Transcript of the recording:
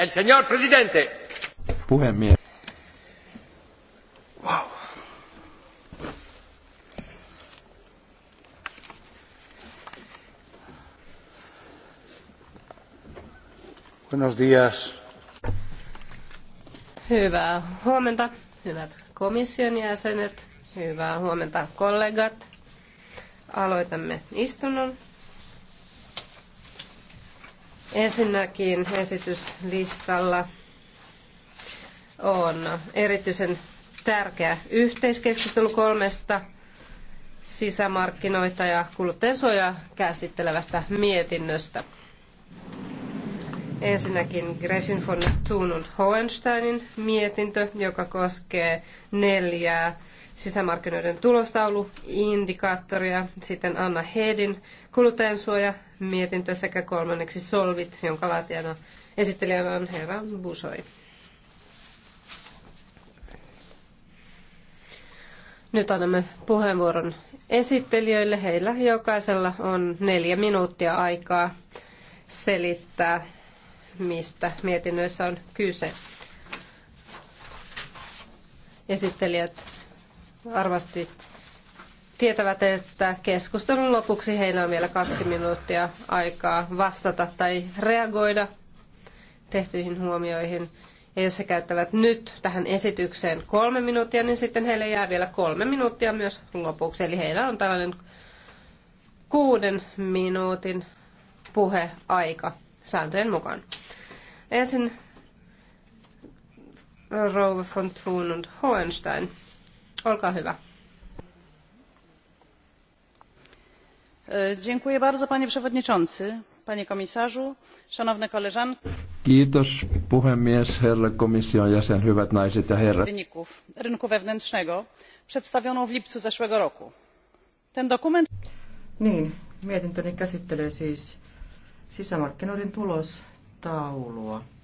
El señor presidente. Puhemies. Wow. Buenos días. Hyvää huomenta, hyvät komission jäsenet, hyvää huomenta kollegat. Aloitamme istunnon. Ensinnäkin esityslistalla on erityisen tärkeä yhteiskeskustelu kolmesta sisämarkkinoita ja kuluttajansuojaa käsittelevästä mietinnöstä. Ensinnäkin Gräfin von Thun und Hohensteinin mietintö, joka koskee neljää sisämarkkinoiden tulostaulu, indikaattoria, sitten Anna Hedin kuluttajansuoja, mietintö sekä kolmanneksi Solvit, jonka laatijana esittelijänä on herra Busoi. Nyt annamme puheenvuoron esittelijöille. Heillä jokaisella on neljä minuuttia aikaa selittää, mistä mietinnöissä on kyse. Esittelijät varmasti tietävät, että keskustelun lopuksi heillä on vielä kaksi minuuttia aikaa vastata tai reagoida tehtyihin huomioihin. Ja jos he käyttävät nyt tähän esitykseen kolme minuuttia, niin sitten heille jää vielä kolme minuuttia myös lopuksi. Eli heillä on tällainen kuuden minuutin puheaika sääntöjen mukaan. Ensin Rove von Thun und Hohenstein. Olkaa hyvä. E, dziękuję bardzo, panie przewodniczący, panie komisarzu, szanowne koleżanki. Kiitos puhemies, herra komission jäsen, hyvät naiset ja herrat. Wyników rynku wewnętrznego przedstawioną w lipcu zeszłego roku. Ten dokument... Niin, mietintöni käsittelee siis sisämarkkinoiden tulostaulua.